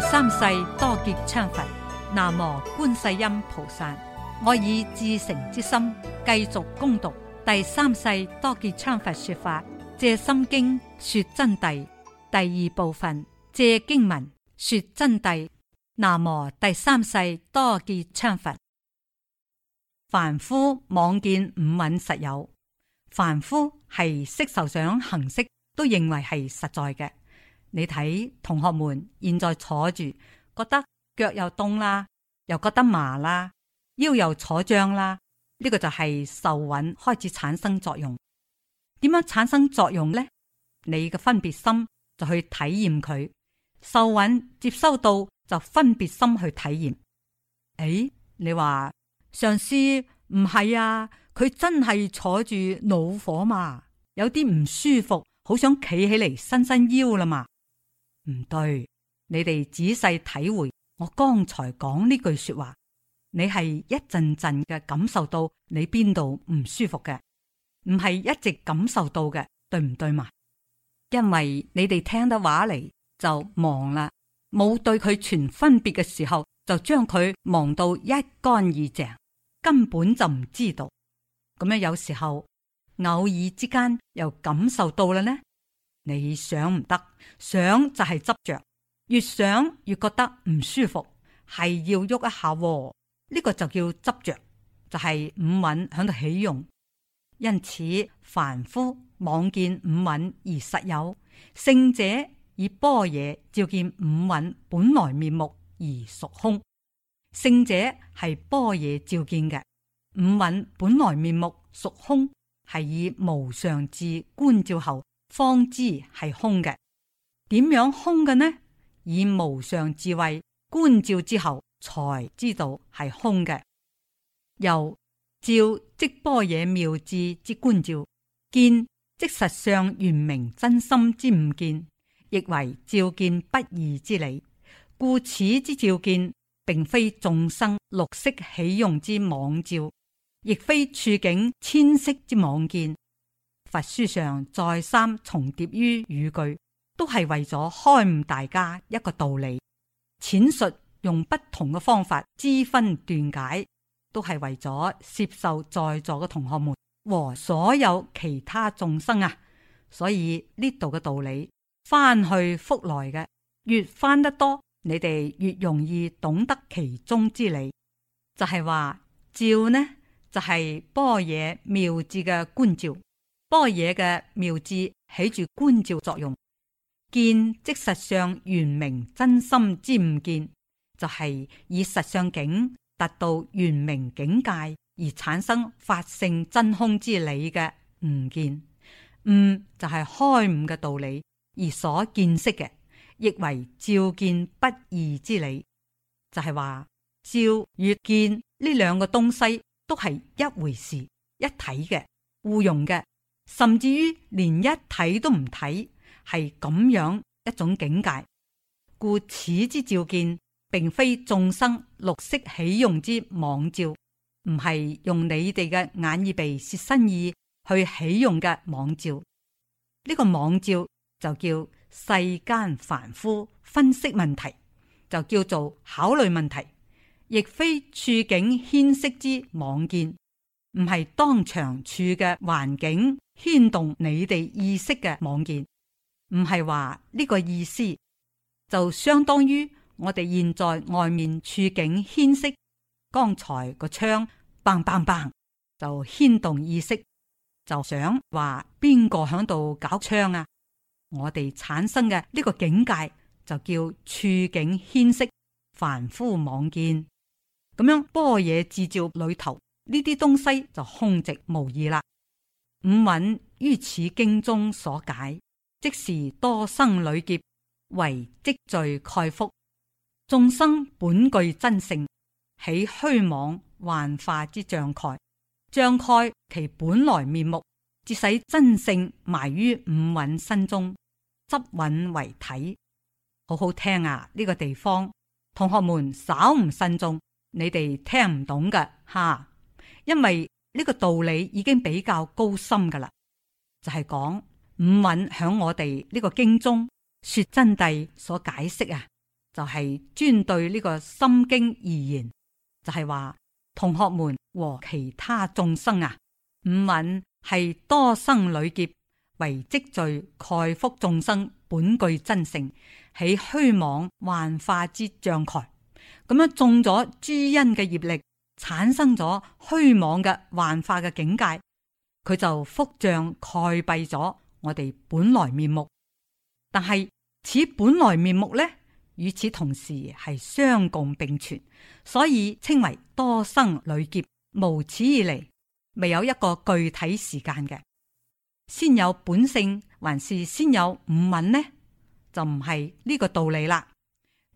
第三世多杰羌佛，南無觀世音菩薩。我以至誠之心繼續攻讀第三世多杰羌佛說法，借心經說真諦第二部分，借經文說真諦。南無第三世多杰羌佛。凡夫妄見五蘊實有，凡夫係色受想行識都認為係實在嘅。你睇，同學們現在坐住，覺得腳又凍啦，又覺得麻啦，腰又坐脹啦，呢個就係受蘊開始產生作用。點樣產生作用呢？你嘅分別心就去體驗佢，受蘊接收到，就分別心去體驗。誒，你話上師，唔係啊？佢真係坐住惱火嘛？有啲唔舒服，好想企起嚟，伸伸腰啦嘛？唔對，你哋仔細體會我剛才講呢句說話，你係一陣陣嘅感受到你邊度唔舒服嘅，唔係一直感受到嘅，對唔對嘛？因為你哋聽得話嚟就忘啦，冇對佢全分別嘅時候，就將佢忘到一乾二淨，根本就唔知道。咁樣有時候偶爾之間又感受到啦呢？你想唔得，想就係執着，越想越覺得唔舒服，係要喐一下、哦。呢、這個就叫執着，就係、是、五蘊喺度起用。因此，凡夫妄見五蘊而實有；聖者以般若照見五蘊本來面目而屬空。聖者係般若照見嘅五蘊本來面目屬空，係以無常智觀照後。方知係空嘅，點樣空嘅呢？以無上智慧觀照之後，才知道係空嘅。由照即般若妙智之觀照，見即實相圓明真心之悟見，亦為照見不二之理。故此之照見，並非眾生六識起用之妄照，亦非觸境遷識之妄見。佛書上再三重疊於語句，都係為咗開悟大家一個道理。淺述用不同嘅方法知分斷解，都係為咗攝受在座嘅同學們和所有其他眾生啊。所以呢度嘅道理翻去覆來嘅，越翻得多，你哋越容易懂得其中之理。就係、是、話照呢，就係般若妙智嘅觀照。般若嘅妙智起住觀照作用，見即實相圓明真心之悟見，就係、是、以實相境達到圓明境界而產生法性真空之理嘅悟見。悟、嗯、就係開悟嘅道理，而所見識嘅亦為照見不二之理，就係、是、話照與見呢兩個東西都係一回事、一體嘅互用嘅。甚至於連一睇都唔睇，係咁樣一種境界。故此之照見，並非眾生六識起用之妄照，唔係用你哋嘅眼耳鼻舌身意去起用嘅妄照。呢、這個妄照就叫世間凡夫分析問題，就叫做考慮問題，亦非處境牽涉之妄見，唔係當場處嘅環境。牽動你哋意識嘅妄見，唔係話呢個意思，就相當於我哋現在外面處境牽識，剛才個窗嘭嘭嘭就牽動意識，就想話邊個喺度搞槍啊？我哋產生嘅呢個境界就叫處境牽識，凡夫妄見，咁樣般若智照裏頭呢啲東西就空寂無義啦。五蘊於此經中所解，即是多生累劫為積聚蓋覆。眾生本具真性，起虛妄幻化之障蓋，障蓋其本來面目，致使真性埋於五蘊身中，執蘊為體。好好聽啊！呢個地方，同學們稍唔慎重，你哋聽唔懂嘅，哈，因為。呢個道理已經比較高深噶啦，就係、是、講五蘊響我哋呢個經中說真諦所解釋啊，就係、是、專對呢個心經而言，就係、是、話同學們和其他眾生啊，五蘊係多生累劫為積聚蓋覆眾生本具真性，喺虛妄幻化之障礙，咁樣中咗諸因嘅業力。產生咗虛妄嘅幻化嘅境界，佢就覆障蓋蔽咗我哋本來面目。但係此本來面目呢，與此同時係相共並存，所以稱為多生累劫，無始以嚟未有一個具體時間嘅。先有本性還是先有五蘊呢？就唔係呢個道理啦。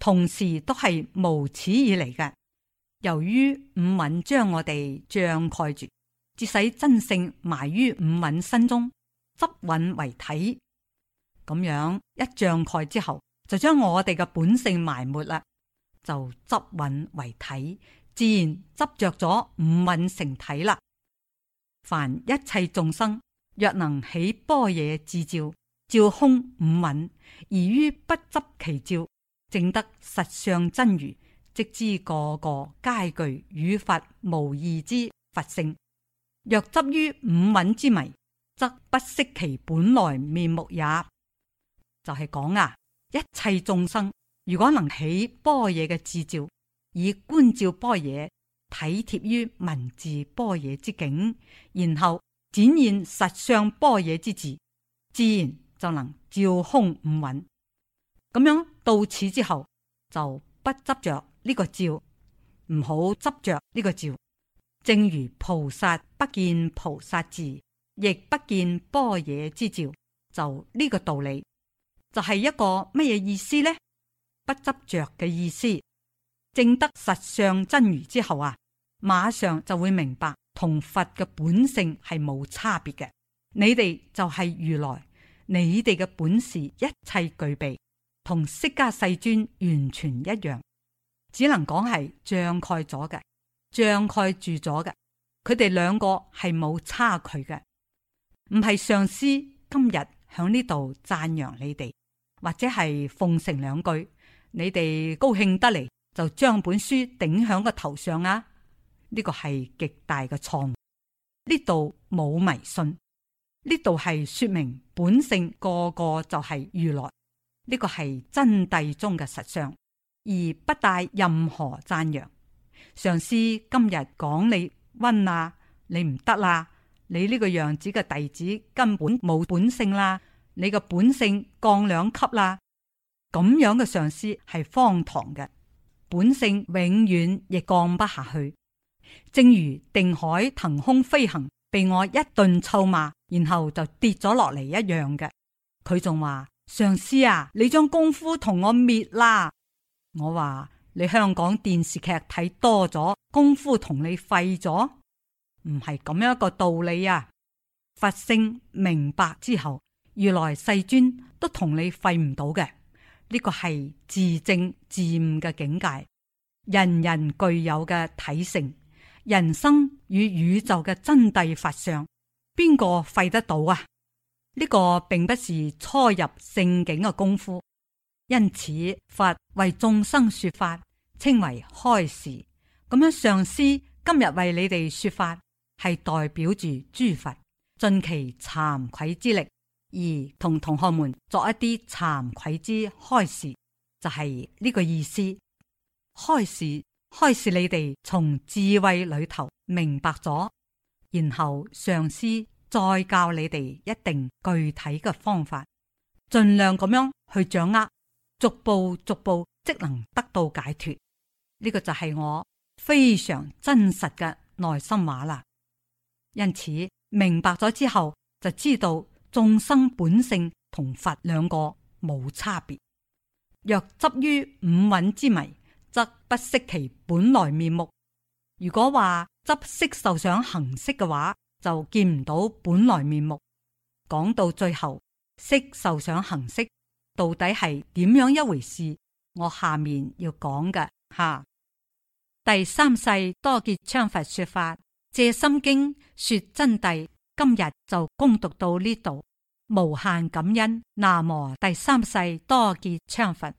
同時都係無始以嚟嘅。由於五蘊將我哋障蓋住，致使真性埋於五蘊身中，執蘊為體，咁樣一障蓋之後，就將我哋嘅本性埋沒啦，就執蘊為體，自然執着咗五蘊成體啦。凡一切眾生，若能起般若自照，照空五蘊，而於不執其照，證得實相真如。識知個個皆具與佛無異之佛性，若執於五蘊之迷，則不識其本來面目也。就係、是、講啊，一切眾生如果能起般若嘅智照，以觀照般若，體貼於文字般若之境，然後展現實相般若之智，自然就能照空五蘊。咁樣到此之後，就不執着。呢個照唔好執着呢個照，正如菩薩不見菩薩字，亦不見般若之照。就呢個道理就係一個乜嘢意思呢？「不執着」嘅意思，證得實相真如之後啊，馬上就會明白同佛嘅本性係冇差別嘅。你哋就係如來，你哋嘅本事一切具備，同釋迦世尊完全一樣。只能講係障蓋咗嘅，障蓋住咗嘅，佢哋兩個係冇差距嘅，唔係上司今日響呢度讚揚你哋，或者係奉承兩句，你哋高興得嚟就將本書頂響個頭上啊？呢個係極大嘅錯誤。呢度冇迷信，呢度係說明本性個個就係如來，呢個係真諦中嘅實相。而不帶任何贊揚，上司今日講你溫啦、啊，你唔得啦，你呢個樣子嘅弟子根本冇本性啦、啊，你嘅本性降兩級啦、啊，咁樣嘅上司係荒唐嘅，本性永遠亦降不下去，正如定海騰空飛行，被我一頓臭罵，然後就跌咗落嚟一樣嘅。佢仲話上司啊，你將功夫同我滅啦。我話你香港電視劇睇多咗功夫，同你廢咗，唔係咁樣一個道理啊！佛性明白之後，如來世尊都同你廢唔到嘅。呢、這個係自證自悟嘅境界，人人具有嘅體性，人生與宇宙嘅真諦法相，邊個廢得到啊？呢、這個並不是初入聖境嘅功夫。因此，佛為眾生說法，稱為開示。咁樣，上師今日為你哋說法，係代表住諸佛盡其慚愧之力，而同同學們作一啲慚愧之開示，就係、是、呢個意思。開示，開示你哋從智慧裏頭明白咗，然後上師再教你哋一定具體嘅方法，盡量咁樣去掌握。逐步逐步即能得到解脫，呢個就係我非常真實嘅內心話啦。因此明白咗之後，就知道眾生本性同佛兩個冇差別。若執於五蘊之迷，則不識其本來面目。如果話執色受想行識嘅話，就見唔到本來面目。講到最後，色受想行識。到底係點樣一回事？我下面要講嘅吓，第三世多杰羌佛說法《藉心經》說真諦，今日就恭讀到呢度，無限感恩。南無第三世多杰羌佛。